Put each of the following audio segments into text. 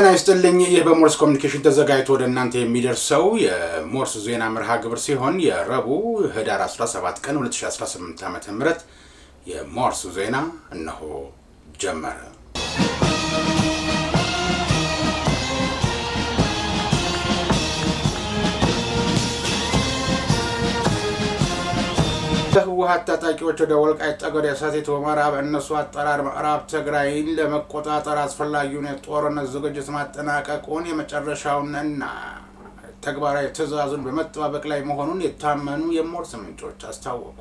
ጤና ይስጥልኝ። ይህ በሞርስ ኮሚኒኬሽን ተዘጋጅቶ ወደ እናንተ የሚደርሰው የሞርስ ዜና መርሃ ግብር ሲሆን የረቡዕ ህዳር 17 ቀን 2018 ም የሞርስ ዜና እነሆ ጀመረ። በህወሀት ታጣቂዎች ወደ ወልቃይት ጠገዴ፣ ሰቲት ሁመራ በእነሱ አጠራር ምዕራብ ትግራይን ለመቆጣጠር አስፈላጊውን የጦርነት ዝግጅት ማጠናቀቁን የመጨረሻውንና ተግባራዊ ትዕዛዙን በመጠባበቅ ላይ መሆኑን የታመኑ የሞርስ ምንጮች አስታወቁ።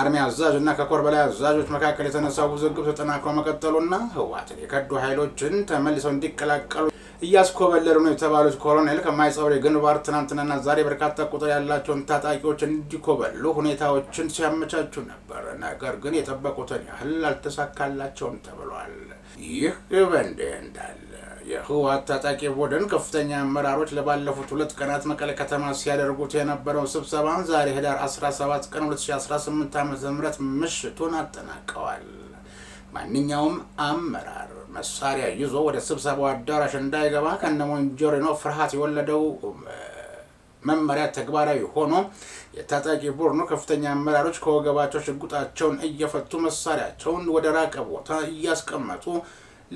አርሚ አዛዥ እና ከኮር በላይ አዛዦች መካከል የተነሳው ውዝግብ ተጠናክሮ መቀጠሉና ህወሀትን የከዱ ኃይሎችን ተመልሰው እንዲቀላቀሉ እያስኮበለሉ ነው የተባሉት ኮሎኔል ከማይጸብሪ ግንባር ትናንትናና ዛሬ በርካታ ቁጥር ያላቸውን ታጣቂዎች እንዲኮበሉ ሁኔታዎችን ሲያመቻቹ ነበር። ነገር ግን የጠበቁትን ያህል አልተሳካላቸውም ተብሏል። ይህ በእንዲህ እንዳለ የህወሓት ታጣቂ ቡድን ከፍተኛ አመራሮች ለባለፉት ሁለት ቀናት መቀለ ከተማ ሲያደርጉት የነበረው ስብሰባ ዛሬ ህዳር 17 ቀን 2018 ዓ ም ምሽቱን አጠናቀዋል። ማንኛውም አመራር መሳሪያ ይዞ ወደ ስብሰባው አዳራሽ እንዳይገባ ከነሞንጆሪኖ ፍርሃት የወለደው መመሪያ ተግባራዊ ሆኖ የታጣቂ ቡድኑ ከፍተኛ አመራሮች ከወገባቸው ሽጉጣቸውን እየፈቱ መሳሪያቸውን ወደ ራቀ ቦታ እያስቀመጡ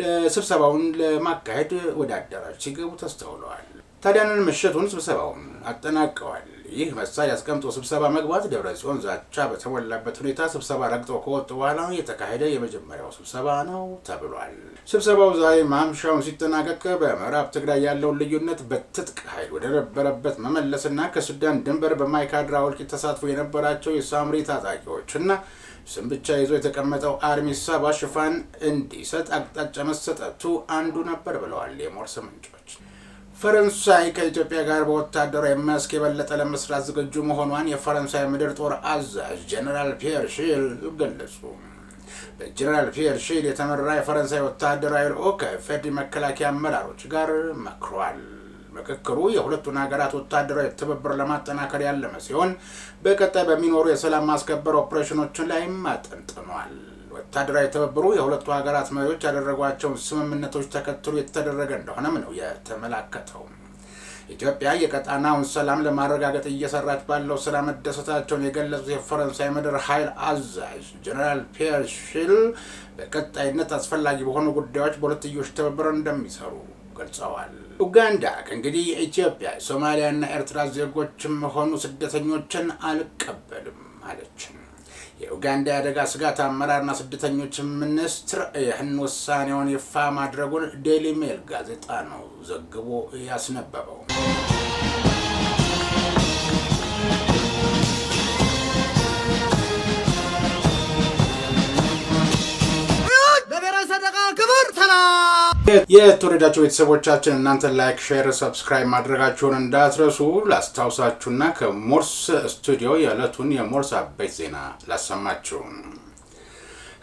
ለስብሰባውን ለማካሄድ ወደ አዳራሽ ሲገቡ ተስተውለዋል። ታዲያንን ምሽቱን ስብሰባውን አጠናቀዋል። ይህ መሳሪያ አስቀምጦ ስብሰባ መግባት ደብረ ጽዮን ዛቻ በተሞላበት ሁኔታ ስብሰባ ረግጦ ከወጡ በኋላ የተካሄደ የመጀመሪያው ስብሰባ ነው ተብሏል። ስብሰባው ዛሬ ማምሻውን ሲጠናቀቅ በምዕራብ ትግራይ ያለውን ልዩነት በትጥቅ ኃይል ወደነበረበት መመለስና ከሱዳን ድንበር በማይካድራ ወልቂት ተሳትፎ የነበራቸው የሳምሪ ታጣቂዎችና ስም ብቻ ይዞ የተቀመጠው አርሚ ሰባ ሽፋን እንዲሰጥ አቅጣጫ መሰጠቱ አንዱ ነበር ብለዋል የሞርስ ምንጮች። ፈረንሳይ ከኢትዮጵያ ጋር በወታደራዊ መስክ የበለጠ ለመስራት ዝግጁ መሆኗን የፈረንሳይ ምድር ጦር አዛዥ ጀነራል ፒየር ሺል ገለጹ። በጀነራል ፒየር ሺል የተመራ የፈረንሳይ ወታደራዊ ልዑክ ከፌድ መከላከያ አመራሮች ጋር መክሯል። ምክክሩ የሁለቱን ሀገራት ወታደራዊ ትብብር ለማጠናከር ያለመ ሲሆን በቀጣይ በሚኖሩ የሰላም ማስከበር ኦፕሬሽኖችን ላይም አጠንጥኗል። ወታደራዊ ትብብሩ የሁለቱ ሀገራት መሪዎች ያደረጓቸውን ስምምነቶች ተከትሎ የተደረገ እንደሆነም ነው የተመላከተው። ኢትዮጵያ የቀጣናውን ሰላም ለማረጋገጥ እየሰራች ባለው ስራ መደሰታቸውን የገለጹት የፈረንሳይ ምድር ኃይል አዛዥ ጀነራል ፒየር ሺል በቀጣይነት አስፈላጊ በሆኑ ጉዳዮች በሁለትዮሽ ትብብር እንደሚሰሩ ገልጸዋል። ኡጋንዳ ከእንግዲህ ኢትዮጵያ ሶማሊያና ኤርትራ ዜጎች መሆኑ ስደተኞችን አልቀበልም አለችን። የኡጋንዳ የአደጋ ስጋት አመራርና ስደተኞች ሚኒስትር ይህን ውሳኔውን ይፋ ማድረጉን ዴሊ ሜል ጋዜጣ ነው ዘግቦ ያስነበበው። የተወደዳቸው ቤተሰቦቻችን እናንተ ላይክ፣ ሼር፣ ሰብስክራይብ ማድረጋችሁን እንዳትረሱ ላስታውሳችሁና ከሞርስ ስቱዲዮ የዕለቱን የሞርስ አበይት ዜና ላሰማችሁ።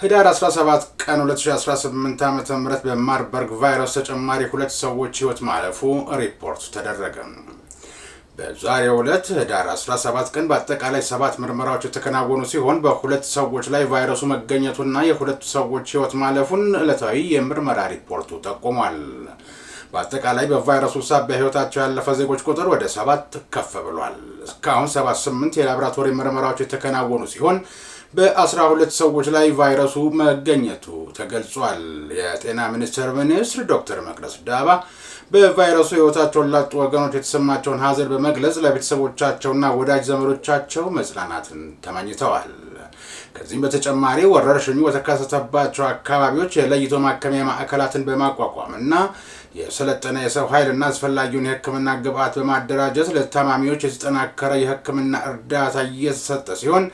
ህዳር 17 ቀን 2018 ዓ ም በማርበርግ ቫይረስ ተጨማሪ ሁለት ሰዎች ህይወት ማለፉ ሪፖርት ተደረገ። በዛሬው ዕለት ህዳር 17 ቀን በአጠቃላይ ሰባት ምርመራዎች የተከናወኑ ሲሆን በሁለት ሰዎች ላይ ቫይረሱ መገኘቱና የሁለቱ ሰዎች ህይወት ማለፉን ዕለታዊ የምርመራ ሪፖርቱ ጠቁሟል። በአጠቃላይ በቫይረሱ ሳቢያ ህይወታቸው ያለፈ ዜጎች ቁጥር ወደ ሰባት ከፍ ብሏል። እስካሁን 78 የላብራቶሪ ምርመራዎች የተከናወኑ ሲሆን በ12 ሰዎች ላይ ቫይረሱ መገኘቱ ተገልጿል። የጤና ሚኒስቴር ሚኒስትር ዶክተር መቅደስ ዳባ በቫይረሱ ሕይወታቸውን ላጡ ወገኖች የተሰማቸውን ሀዘን በመግለጽ ለቤተሰቦቻቸውና ወዳጅ ዘመዶቻቸው መጽናናትን ተመኝተዋል። ከዚህም በተጨማሪ ወረርሽኙ በተከሰተባቸው አካባቢዎች የለይቶ ማከሚያ ማዕከላትን በማቋቋም እና የሰለጠነ የሰው ኃይልና አስፈላጊውን የህክምና ግብዓት በማደራጀት ለታማሚዎች የተጠናከረ የህክምና እርዳታ እየተሰጠ ሲሆን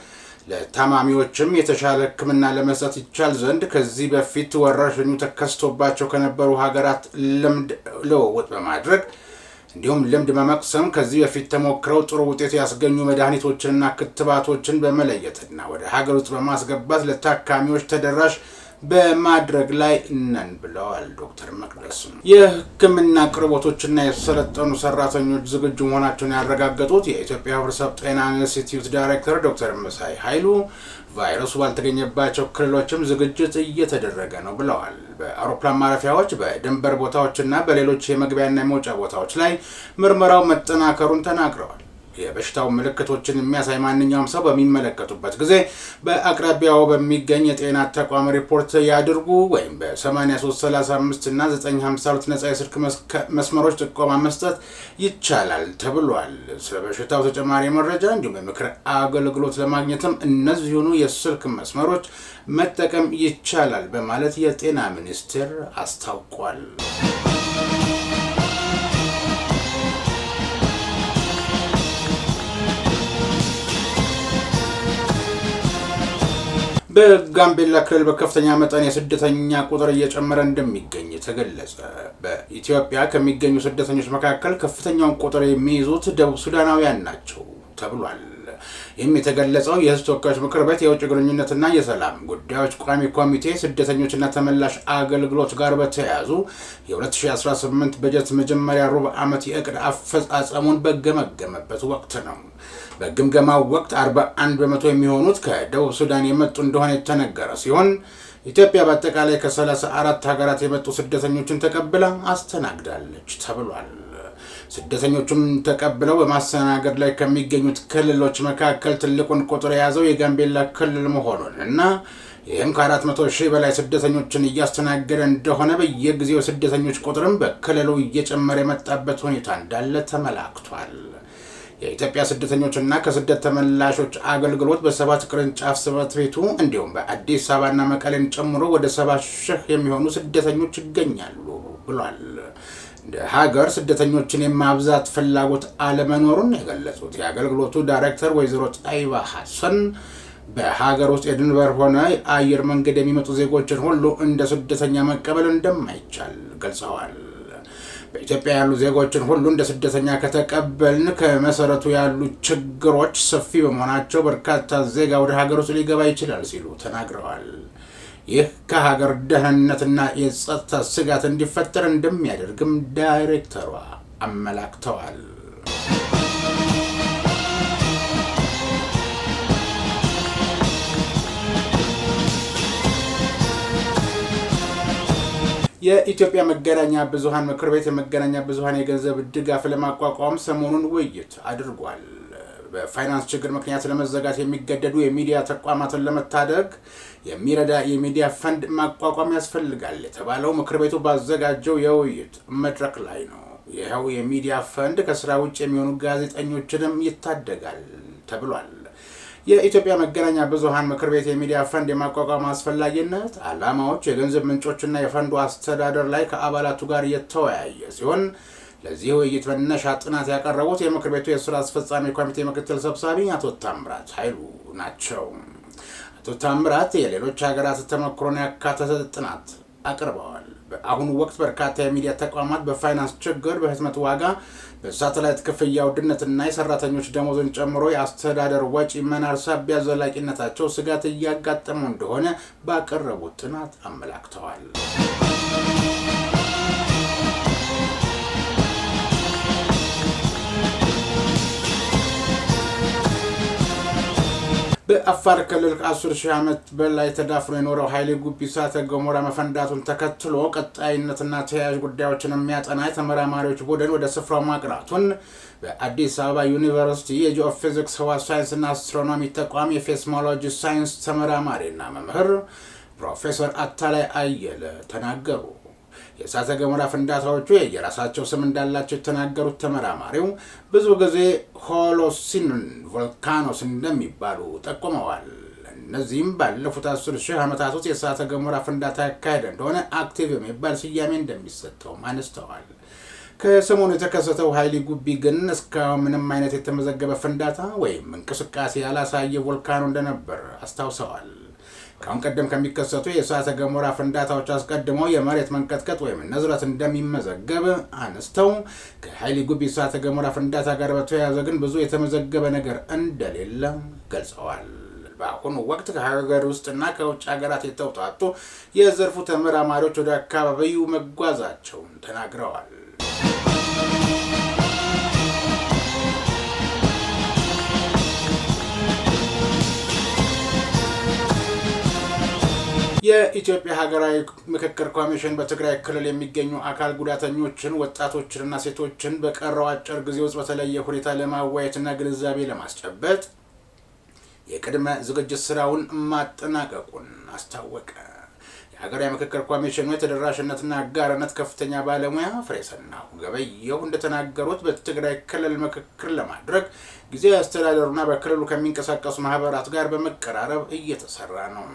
ለታማሚዎችም የተሻለ ሕክምና ለመስጠት ይቻል ዘንድ ከዚህ በፊት ወረርሽኙ ተከስቶባቸው ከነበሩ ሀገራት ልምድ ልውውጥ በማድረግ እንዲሁም ልምድ በመቅሰም ከዚህ በፊት ተሞክረው ጥሩ ውጤት ያስገኙ መድኃኒቶችንና ክትባቶችን በመለየትና ወደ ሀገር ውስጥ በማስገባት ለታካሚዎች ተደራሽ በማድረግ ላይ ነን ብለዋል ዶክተር መቅደሱ። አቅርቦቶች አቅርቦቶችና የተሰለጠኑ ሰራተኞች ዝግጁ መሆናቸውን ያረጋገጡት የኢትዮጵያ ሕብረተሰብ ጤና ኢንስቲትዩት ዳይሬክተር ዶክተር መሳይ ኃይሉ ቫይረሱ ባልተገኘባቸው ክልሎችም ዝግጅት እየተደረገ ነው ብለዋል። በአውሮፕላን ማረፊያዎች፣ በድንበር ቦታዎችና በሌሎች የመግቢያና የመውጫ ቦታዎች ላይ ምርመራው መጠናከሩን ተናግረዋል። የበሽታው ምልክቶችን የሚያሳይ ማንኛውም ሰው በሚመለከቱበት ጊዜ በአቅራቢያው በሚገኝ የጤና ተቋም ሪፖርት ያድርጉ ወይም በ8335 እና 952 ነጻ የስልክ መስመሮች ጥቆማ መስጠት ይቻላል ተብሏል። ስለ በሽታው ተጨማሪ መረጃ እንዲሁም የምክር አገልግሎት ለማግኘትም እነዚሁኑ የስልክ መስመሮች መጠቀም ይቻላል በማለት የጤና ሚኒስቴር አስታውቋል። በጋምቤላ ክልል በከፍተኛ መጠን የስደተኛ ቁጥር እየጨመረ እንደሚገኝ ተገለጸ። በኢትዮጵያ ከሚገኙ ስደተኞች መካከል ከፍተኛውን ቁጥር የሚይዙት ደቡብ ሱዳናውያን ናቸው ተብሏል። ይህም የተገለጸው የህዝብ ተወካዮች ምክር ቤት የውጭ ግንኙነትና የሰላም ጉዳዮች ቋሚ ኮሚቴ ስደተኞችና ተመላሽ አገልግሎት ጋር በተያያዙ የ2018 በጀት መጀመሪያ ሩብ ዓመት የእቅድ አፈጻጸሙን በገመገመበት ወቅት ነው። በግምገማው ወቅት 41 በመቶ የሚሆኑት ከደቡብ ሱዳን የመጡ እንደሆነ የተነገረ ሲሆን ኢትዮጵያ በአጠቃላይ ከ34 ሀገራት የመጡ ስደተኞችን ተቀብላ አስተናግዳለች ተብሏል። ስደተኞቹን ተቀብለው በማስተናገድ ላይ ከሚገኙት ክልሎች መካከል ትልቁን ቁጥር የያዘው የጋምቤላ ክልል መሆኑን እና ይህም ከአራት መቶ ሺህ በላይ ስደተኞችን እያስተናገደ እንደሆነ በየጊዜው ስደተኞች ቁጥርም በክልሉ እየጨመረ የመጣበት ሁኔታ እንዳለ ተመላክቷል። የኢትዮጵያ ስደተኞችና ከስደት ተመላሾች አገልግሎት በሰባት ቅርንጫፍ ጽሕፈት ቤቱ እንዲሁም በአዲስ አበባና መቀሌን ጨምሮ ወደ ሰባ ሺህ የሚሆኑ ስደተኞች ይገኛሉ ብሏል። እንደ ሀገር ስደተኞችን የማብዛት ፍላጎት አለመኖሩን የገለጹት የአገልግሎቱ ዳይሬክተር ወይዘሮ ጣይባ ሀሰን በሀገር ውስጥ የድንበር ሆነ የአየር መንገድ የሚመጡ ዜጎችን ሁሉ እንደ ስደተኛ መቀበል እንደማይቻል ገልጸዋል። በኢትዮጵያ ያሉ ዜጎችን ሁሉ እንደ ስደተኛ ከተቀበልን ከመሰረቱ ያሉ ችግሮች ሰፊ በመሆናቸው በርካታ ዜጋ ወደ ሀገር ውስጥ ሊገባ ይችላል ሲሉ ተናግረዋል። ይህ ከሀገር ደህንነትና የጸጥታ ስጋት እንዲፈጠር እንደሚያደርግም ዳይሬክተሯ አመላክተዋል። የኢትዮጵያ መገናኛ ብዙሀን ምክር ቤት የመገናኛ ብዙሀን የገንዘብ ድጋፍ ለማቋቋም ሰሞኑን ውይይት አድርጓል። በፋይናንስ ችግር ምክንያት ለመዘጋት የሚገደዱ የሚዲያ ተቋማትን ለመታደግ የሚረዳ የሚዲያ ፈንድ ማቋቋም ያስፈልጋል የተባለው ምክር ቤቱ ባዘጋጀው የውይይት መድረክ ላይ ነው። ይኸው የሚዲያ ፈንድ ከስራ ውጭ የሚሆኑ ጋዜጠኞችንም ይታደጋል ተብሏል። የኢትዮጵያ መገናኛ ብዙሃን ምክር ቤት የሚዲያ ፈንድ የማቋቋም አስፈላጊነት፣ ዓላማዎች፣ የገንዘብ ምንጮችና የፈንዱ አስተዳደር ላይ ከአባላቱ ጋር የተወያየ ሲሆን ለዚህ ውይይት መነሻ ጥናት ያቀረቡት የምክር ቤቱ የስራ አስፈጻሚ ኮሚቴ ምክትል ሰብሳቢ አቶ ታምራት ኃይሉ ናቸው። አቶ ታምራት የሌሎች ሀገራት ተሞክሮን ያካተተ ጥናት አቅርበዋል። በአሁኑ ወቅት በርካታ የሚዲያ ተቋማት በፋይናንስ ችግር፣ በህትመት ዋጋ፣ በሳተላይት ክፍያ ውድነትና የሰራተኞች ደሞዝን ጨምሮ የአስተዳደር ወጪ መናር ሳቢያ ዘላቂነታቸው ስጋት እያጋጠመው እንደሆነ ባቀረቡት ጥናት አመላክተዋል። በአፋር ክልል ከአስር ሺህ ዓመት በላይ ተዳፍኖ የኖረው ኃይሌ ጉቢ እሳተ ገሞራ መፈንዳቱን ተከትሎ ቀጣይነትና ተያያዥ ጉዳዮችን የሚያጠና የተመራማሪዎች ቡድን ወደ ስፍራው ማቅናቱን በአዲስ አበባ ዩኒቨርሲቲ የጂኦፊዚክስ ህዋ ሳይንስና አስትሮኖሚ ተቋም የፌስሞሎጂ ሳይንስ ተመራማሪና መምህር ፕሮፌሰር አታላይ አየለ ተናገሩ። የእሳተ ገሞራ ፍንዳታዎቹ የየራሳቸው ስም እንዳላቸው የተናገሩት ተመራማሪው ብዙ ጊዜ ሆሎሲን ቮልካኖስ እንደሚባሉ ጠቁመዋል። እነዚህም ባለፉት አስር ሺህ ዓመታት ውስጥ የእሳተ ገሞራ ፍንዳታ ያካሄደ እንደሆነ አክቲቭ የሚባል ስያሜ እንደሚሰጠውም አነስተዋል። ከሰሞኑ የተከሰተው ሀይሊ ጉቢ ግን እስካሁን ምንም አይነት የተመዘገበ ፍንዳታ ወይም እንቅስቃሴ ያላሳየ ቮልካኖ እንደነበር አስታውሰዋል። ከአሁን ቀደም ከሚከሰቱ የእሳተ ገሞራ ፍንዳታዎች አስቀድሞ የመሬት መንቀጥቀጥ ወይም ነዝረት እንደሚመዘገብ አነስተው ከሀይሊ ጉቢ እሳተ ገሞራ ፍንዳታ ጋር በተያያዘ ግን ብዙ የተመዘገበ ነገር እንደሌለ ገልጸዋል። በአሁኑ ወቅት ከሀገር ውስጥና ከውጭ ሀገራት የተውጣጡ የዘርፉ ተመራማሪዎች ወደ አካባቢው መጓዛቸውን ተናግረዋል። የኢትዮጵያ ሀገራዊ ምክክር ኮሚሽን በትግራይ ክልል የሚገኙ አካል ጉዳተኞችን ወጣቶችንና ሴቶችን በቀረው አጭር ጊዜ ውስጥ በተለየ ሁኔታ ለማዋየትና ግንዛቤ ለማስጨበጥ የቅድመ ዝግጅት ስራውን ማጠናቀቁን አስታወቀ። የሀገራዊ ምክክር ኮሚሽኑ የተደራሽነትና አጋርነት ከፍተኛ ባለሙያ ፍሬሰናሁ ገበየው እንደተናገሩት በትግራይ ክልል ምክክር ለማድረግ ጊዜያዊ አስተዳደሩና በክልሉ ከሚንቀሳቀሱ ማህበራት ጋር በመቀራረብ እየተሰራ ነው።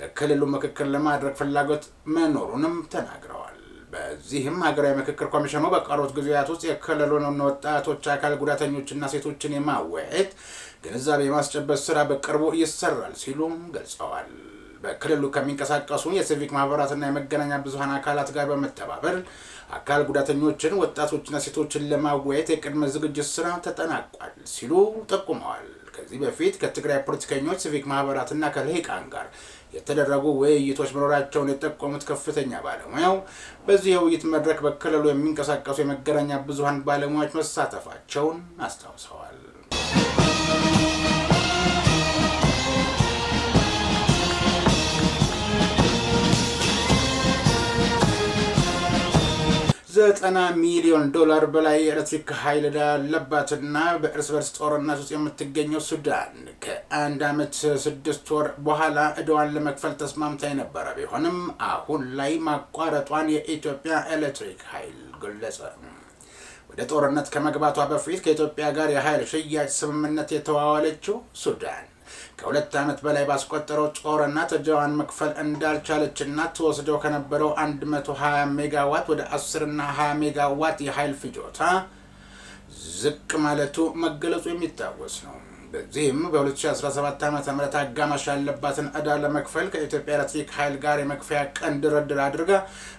በክልሉ ምክክር ለማድረግ ፍላጎት መኖሩንም ተናግረዋል። በዚህም ሀገራዊ ምክክር ኮሚሽኑ በቀሩት ጊዜያት ውስጥ የክልሉን ወጣቶች፣ አካል ጉዳተኞችና ሴቶችን የማወያየት ግንዛቤ የማስጨበጥ ስራ በቅርቡ ይሰራል ሲሉም ገልጸዋል። በክልሉ ከሚንቀሳቀሱ የሲቪክ ማህበራትና የመገናኛ ብዙሀን አካላት ጋር በመተባበር አካል ጉዳተኞችን፣ ወጣቶችና ሴቶችን ለማወያየት የቅድመ ዝግጅት ስራ ተጠናቋል ሲሉ ጠቁመዋል። ከዚህ በፊት ከትግራይ ፖለቲከኞች፣ ሲቪክ ማህበራትና ከልሂቃን ጋር የተደረጉ ውይይቶች መኖራቸውን የጠቆሙት ከፍተኛ ባለሙያው በዚህ የውይይት መድረክ በክልሉ የሚንቀሳቀሱ የመገናኛ ብዙሀን ባለሙያዎች መሳተፋቸውን አስታውሰዋል። ዘጠና ሚሊዮን ዶላር በላይ የኤሌክትሪክ ኃይል ዕዳ ያለባትና በእርስ በርስ ጦርነት ውስጥ የምትገኘው ሱዳን ከአንድ ዓመት ስድስት ወር በኋላ ዕዳዋን ለመክፈል ተስማምታ የነበረ ቢሆንም አሁን ላይ ማቋረጧን የኢትዮጵያ ኤሌክትሪክ ኃይል ገለጸ። ወደ ጦርነት ከመግባቷ በፊት ከኢትዮጵያ ጋር የኃይል ሽያጭ ስምምነት የተዋዋለችው ሱዳን ከሁለት ዓመት በላይ ባስቆጠረው ጦርና ተጃዋን መክፈል እንዳልቻለችና ተወስደው ከነበረው 120 ሜጋዋት ወደ 10ና 20 ሜጋዋት የኃይል ፍጆታ ዝቅ ማለቱ መገለጹ የሚታወስ ነው። በዚህም በ2017 ዓ ም አጋማሽ ያለባትን ዕዳ ለመክፈል ከኢትዮጵያ ኤሌክትሪክ ኃይል ጋር የመክፈያ ቀን ድርድር አድርጋ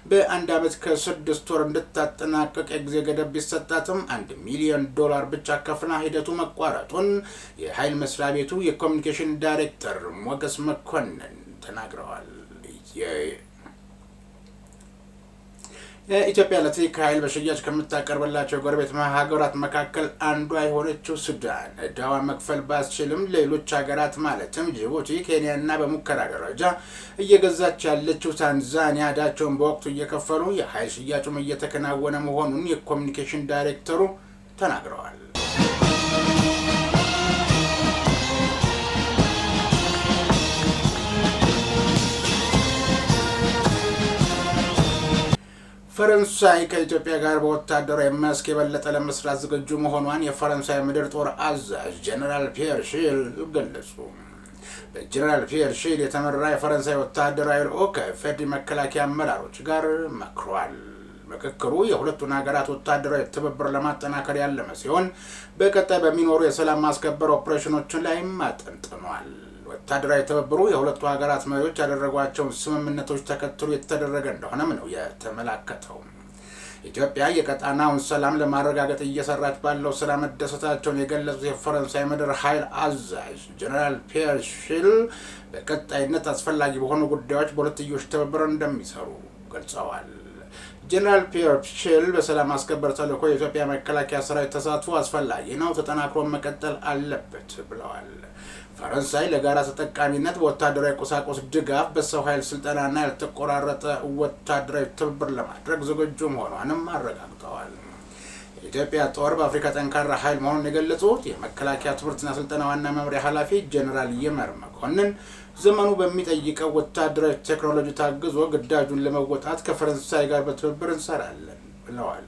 በአንድ ዓመት ከስድስት ወር እንድታጠናቀቅ የጊዜ ገደብ ቢሰጣትም አንድ ሚሊዮን ዶላር ብቻ ከፍና ሂደቱ መቋረጡን የኃይል መስሪያ ቤቱ የኮሚኒኬሽን ዳይሬክተር ሞገስ መኮንን ተናግረዋል። የኢትዮጵያ ለትሪክ ኃይል በሽያጭ ከምታቀርብላቸው ጎረቤት ሀገራት መካከል አንዷ የሆነችው ሱዳን እዳዋ መክፈል ባስችልም ሌሎች ሀገራት ማለትም ጅቡቲ፣ ኬንያ በሙከራ ደረጃ እየገዛች ያለችው ታንዛኒያ ዕዳቸውን በወቅቱ እየከፈሉ የኃይል ሽያጩም እየተከናወነ መሆኑን የኮሚኒኬሽን ዳይሬክተሩ ተናግረዋል። ፈረንሳይ ከኢትዮጵያ ጋር በወታደራዊ መስክ የበለጠ ለመስራት ዝግጁ መሆኗን የፈረንሳይ ምድር ጦር አዛዥ ጀነራል ፒየር ሺል ገለጹ። በጀነራል ፒየር ሺል የተመራ የፈረንሳይ ወታደራዊ ልዑክ ከፌድ መከላከያ አመራሮች ጋር መክሯል። ምክክሩ የሁለቱን ሀገራት ወታደራዊ ትብብር ለማጠናከር ያለመ ሲሆን በቀጣይ በሚኖሩ የሰላም ማስከበር ኦፕሬሽኖችን ላይም አጠንጥኗል። ወታደራዊ ትብብሩ የሁለቱ ሀገራት መሪዎች ያደረጓቸውን ስምምነቶች ተከትሎ የተደረገ እንደሆነም ነው የተመላከተው። ኢትዮጵያ የቀጣናውን ሰላም ለማረጋገጥ እየሰራች ባለው ስራ መደሰታቸውን የገለጹት የፈረንሳይ ምድር ኃይል አዛዥ ጀነራል ፒየር ሺል በቀጣይነት አስፈላጊ በሆኑ ጉዳዮች በሁለትዮሽ ትብብር እንደሚሰሩ ገልጸዋል። ጀነራል ፒየር ሺል በሰላም አስከበር ተልዕኮ የኢትዮጵያ መከላከያ ሰራዊት ተሳትፎ አስፈላጊ ነው፣ ተጠናክሮ መቀጠል አለበት ብለዋል። ፈረንሳይ ለጋራ ተጠቃሚነት በወታደራዊ ቁሳቁስ ድጋፍ በሰው ኃይል ስልጠናና ያልተቆራረጠ ወታደራዊ ትብብር ለማድረግ ዝግጁ መሆኗንም አረጋግጠዋል። የኢትዮጵያ ጦር በአፍሪካ ጠንካራ ኃይል መሆኑን የገለጹት የመከላከያ ትምህርትና ስልጠና ዋና መምሪያ ኃላፊ ጄኔራል ይመር መኮንን ዘመኑ በሚጠይቀው ወታደራዊ ቴክኖሎጂ ታግዞ ግዳጁን ለመወጣት ከፈረንሳይ ጋር በትብብር እንሰራለን ብለዋል።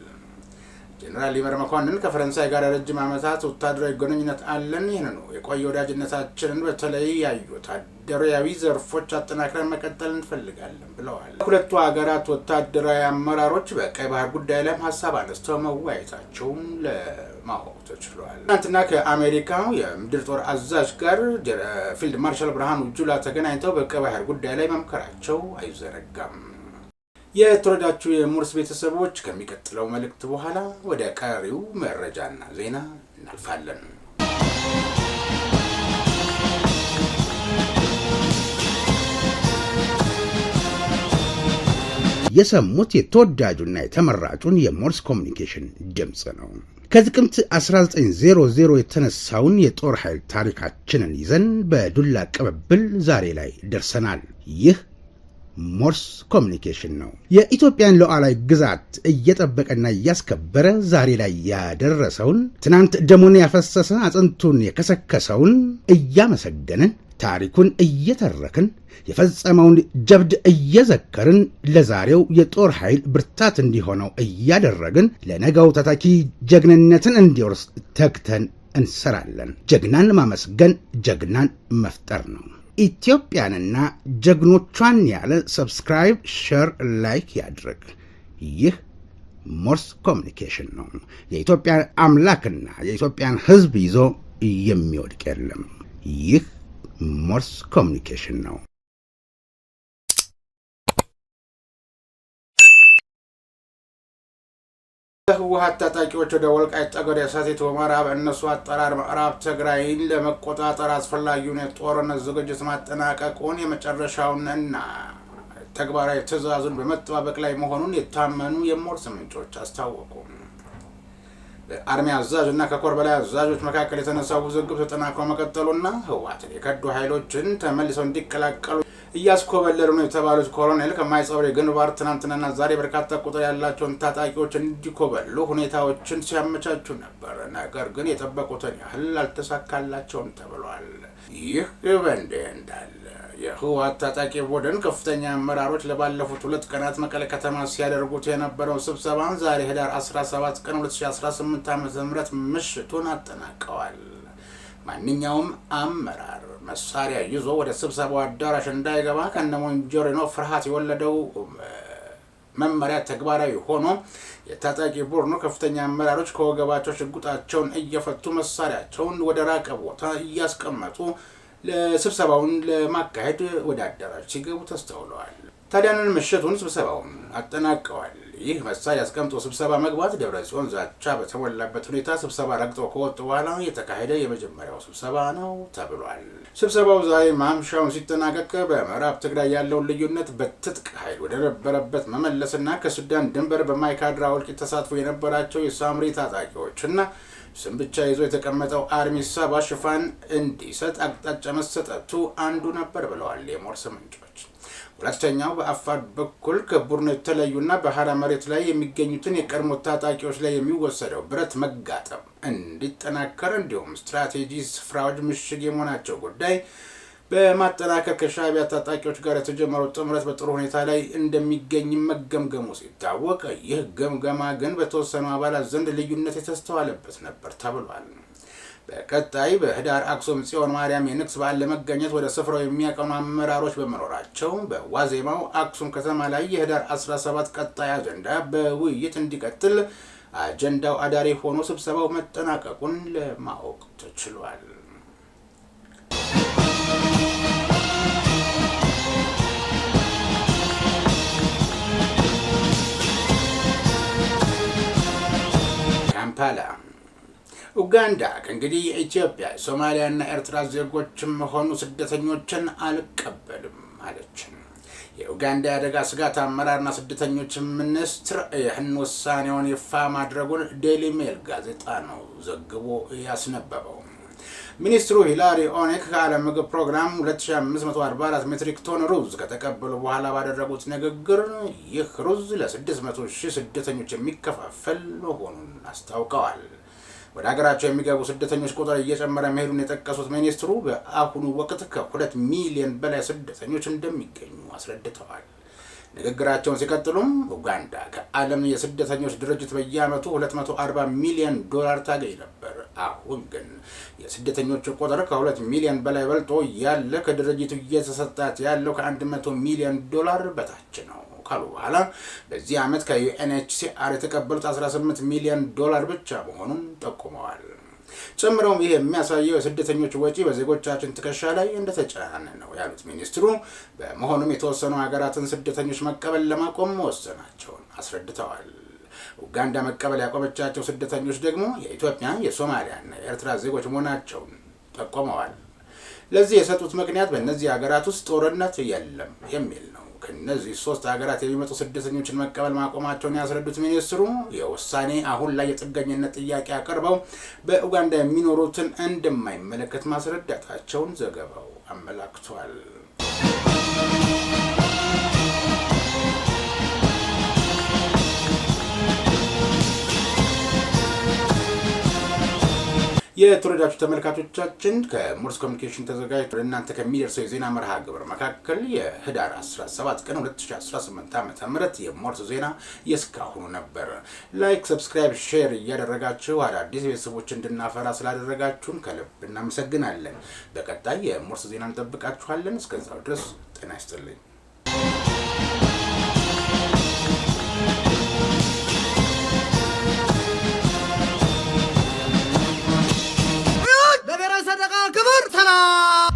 ጄኔራል ሊበር መኮንን ከፈረንሳይ ጋር ረጅም ዓመታት ወታደራዊ ግንኙነት አለን። ነው የቆየ ወዳጅነታችንን በተለያዩ ወታደራዊ ዘርፎች አጠናክረን መቀጠል እንፈልጋለን ብለዋል። ሁለቱ ሀገራት ወታደራዊ አመራሮች በቀይ ባህር ጉዳይ ላይም ሀሳብ አነስተው መወያየታቸውም ለማወቅ ተችሏል። ትናንትና ከአሜሪካው የምድር ጦር አዛዥ ጋር ፊልድ ማርሻል ብርሃኑ ጁላ ተገናኝተው በቀይ ባህር ጉዳይ ላይ መምከራቸው አይዘነጋም። የተወዳችሁ የሙርስ ቤተሰቦች ከሚቀጥለው መልእክት በኋላ ወደ ቀሪው መረጃና ዜና እናልፋለን። የሰሙት የተወዳጁና የተመራጩን የሞርስ ኮሚኒኬሽን ድምፅ ነው። ከጥቅምት 1900 የተነሳውን የጦር ኃይል ታሪካችንን ይዘን በዱላ ቅብብል ዛሬ ላይ ደርሰናል። ይህ ሞርስ ኮሚኒኬሽን ነው። የኢትዮጵያን ሉዓላዊ ግዛት እየጠበቀና እያስከበረ ዛሬ ላይ ያደረሰውን ትናንት ደሙን ያፈሰሰ አጥንቱን የከሰከሰውን እያመሰገንን ታሪኩን እየተረክን የፈጸመውን ጀብድ እየዘከርን ለዛሬው የጦር ኃይል ብርታት እንዲሆነው እያደረግን ለነገው ታታኪ ጀግንነትን እንዲወርስ ተግተን እንሰራለን። ጀግናን ማመስገን ጀግናን መፍጠር ነው። ኢትዮጵያንና ጀግኖቿን ያለ ሰብስክራይብ፣ ሸር፣ ላይክ ያድርግ። ይህ ሞርስ ኮሚኒኬሽን ነው። የኢትዮጵያን አምላክና የኢትዮጵያን ሕዝብ ይዞ የሚወድቅ የለም። ይህ ሞርስ ኮሚኒኬሽን ነው። ከህወሀት ታጣቂዎች ወደ ወልቃይት ጠገዴ፣ ሰቲት ሁመራ በእነሱ አጠራር ምዕራብ ትግራይን ለመቆጣጠር አስፈላጊውን የጦርነት ዝግጅት ማጠናቀቁን የመጨረሻውንና ተግባራዊ ትዕዛዙን በመጠባበቅ ላይ መሆኑን የታመኑ የሞርስ ምንጮች አስታወቁ። አርሚ አዛዥ እና ከኮር በላይ አዛዦች መካከል የተነሳው ውዝግብ ተጠናክሮ መቀጠሉና ህወሓትን የከዱ ኃይሎችን ተመልሰው እንዲቀላቀሉ እያስኮበለሉ ነው የተባሉት ኮሎኔል ከማይጸብሪ ግንባር ትናንትናና ዛሬ በርካታ ቁጥር ያላቸውን ታጣቂዎች እንዲኮበሉ ሁኔታዎችን ሲያመቻቹ ነበር። ነገር ግን የጠበቁትን ያህል አልተሳካላቸውም ተብሏል። ይህ በእንዲህ እንዳለ የህወሓት ታጣቂ ቡድን ከፍተኛ አመራሮች ለባለፉት ሁለት ቀናት መቀለ ከተማ ሲያደርጉት የነበረው ስብሰባን ዛሬ ህዳር 17 ቀን 2018 ዓ ም ምሽቱን አጠናቀዋል። ማንኛውም አመራር መሳሪያ ይዞ ወደ ስብሰባው አዳራሽ እንዳይገባ ከነሞንጆሪኖ ፍርሃት የወለደው መመሪያ ተግባራዊ ሆኖ የታጣቂ ቡድኑ ከፍተኛ አመራሮች ከወገባቸው ሽጉጣቸውን እየፈቱ መሳሪያቸውን ወደ ራቀ ቦታ እያስቀመጡ ለስብሰባውን ለማካሄድ ወደ አዳራሽ ሲገቡ ተስተውለዋል። ታዲያንን ምሽቱን ስብሰባውን አጠናቀዋል። ይህ መሳሪያ አስቀምጦ ስብሰባ መግባት ደብረ ጽዮን ዛቻ በተሞላበት ሁኔታ ስብሰባ ረግጦ ከወጡ በኋላ የተካሄደ የመጀመሪያው ስብሰባ ነው ተብሏል። ስብሰባው ዛሬ ማምሻውን ሲጠናቀቅ በምዕራብ ትግራይ ያለውን ልዩነት በትጥቅ ኃይል ወደነበረበት መመለስና ከሱዳን ድንበር በማይካድራ እልቂት ተሳትፎ የነበራቸው የሳምሪ ታጣቂዎችና ስም ብቻ ይዞ የተቀመጠው አርሚ ሰባ ሽፋን እንዲሰጥ አቅጣጫ መሰጠቱ አንዱ ነበር ብለዋል የሞርስ ምንጮች። ሁለተኛው በአፋር በኩል ከቡድኑ የተለዩና በሀራ መሬት ላይ የሚገኙትን የቀድሞ ታጣቂዎች ላይ የሚወሰደው ብረት መጋጠም እንዲጠናከር እንዲሁም ስትራቴጂ ስፍራዎች ምሽግ የመሆናቸው ጉዳይ በማጠናከር ከሻቢያ ታጣቂዎች ጋር የተጀመረው ጥምረት በጥሩ ሁኔታ ላይ እንደሚገኝ መገምገሙ ሲታወቅ፣ ይህ ግምገማ ግን በተወሰኑ አባላት ዘንድ ልዩነት የተስተዋለበት ነበር ተብሏል። በቀጣይ በህዳር አክሱም ጽዮን ማርያም የንግስ በዓል ለመገኘት ወደ ስፍራው የሚያቀኑ አመራሮች በመኖራቸው በዋዜማው አክሱም ከተማ ላይ የህዳር 17 ቀጣይ አጀንዳ በውይይት እንዲቀጥል አጀንዳው አዳሪ ሆኖ ስብሰባው መጠናቀቁን ለማወቅ ተችሏል። ካምፓላ ኡጋንዳ ከእንግዲህ የኢትዮጵያ ሶማሊያና ኤርትራ ዜጎችም ሆኑ ስደተኞችን አልቀበልም አለች። የኡጋንዳ የአደጋ ስጋት አመራርና ስደተኞች ሚኒስትር ይህን ውሳኔውን ይፋ ማድረጉን ዴይሊ ሜል ጋዜጣ ነው ዘግቦ ያስነበበው። ሚኒስትሩ ሂላሪ ኦኔክ ከዓለም ምግብ ፕሮግራም 2544 ሜትሪክ ቶን ሩዝ ከተቀበሉ በኋላ ባደረጉት ንግግር ይህ ሩዝ ለ600 ሺህ ስደተኞች የሚከፋፈል መሆኑን አስታውቀዋል። ወደ ሀገራቸው የሚገቡ ስደተኞች ቁጥር እየጨመረ መሄዱን የጠቀሱት ሚኒስትሩ በአሁኑ ወቅት ከሁለት ሚሊዮን በላይ ስደተኞች እንደሚገኙ አስረድተዋል። ንግግራቸውን ሲቀጥሉም ኡጋንዳ ከዓለም የስደተኞች ድርጅት በየዓመቱ 240 ሚሊዮን ዶላር ታገኝ ነበር። አሁን ግን የስደተኞቹ ቁጥር ከ2 ሚሊዮን በላይ በልጦ ያለ ከድርጅቱ እየተሰጣት ያለው ከ100 ሚሊዮን ዶላር በታች ነው። ካሉ በኋላ በዚህ ዓመት ከዩኤንኤችሲአር የተቀበሉት 18 ሚሊዮን ዶላር ብቻ መሆኑን ጠቁመዋል። ጨምረውም ይህ የሚያሳየው የስደተኞች ወጪ በዜጎቻችን ትከሻ ላይ እንደተጫነ ነው ያሉት ሚኒስትሩ፣ በመሆኑም የተወሰኑ ሀገራትን ስደተኞች መቀበል ለማቆም መወሰናቸውን አስረድተዋል። ኡጋንዳ መቀበል ያቆመቻቸው ስደተኞች ደግሞ የኢትዮጵያ የሶማሊያና የኤርትራ ዜጎች መሆናቸውን ጠቁመዋል። ለዚህ የሰጡት ምክንያት በእነዚህ ሀገራት ውስጥ ጦርነት የለም የሚል ከእነዚህ ሶስት ሀገራት የሚመጡ ስደተኞችን መቀበል ማቆማቸውን ያስረዱት ሚኒስትሩ የውሳኔ አሁን ላይ የጥገኝነት ጥያቄ አቅርበው በኡጋንዳ የሚኖሩትን እንደማይመለከት ማስረዳታቸውን ዘገባው አመላክቷል። የተወደዳችሁ ተመልካቾቻችን ከሞርስ ኮሚኒኬሽን ተዘጋጅቶ እናንተ ከሚደርሰው የዜና መርሃ ግብር መካከል የህዳር 17 ቀን 2018 ዓ ም የሞርስ ዜና የእስካሁኑ ነበር። ላይክ፣ ሰብስክራይብ፣ ሼር እያደረጋችሁ አዳዲስ ቤተሰቦች እንድናፈራ ስላደረጋችሁን ከልብ እናመሰግናለን። በቀጣይ የሞርስ ዜና እንጠብቃችኋለን። እስከዛው ድረስ ጤና ይስጥልኝ። 그렇다나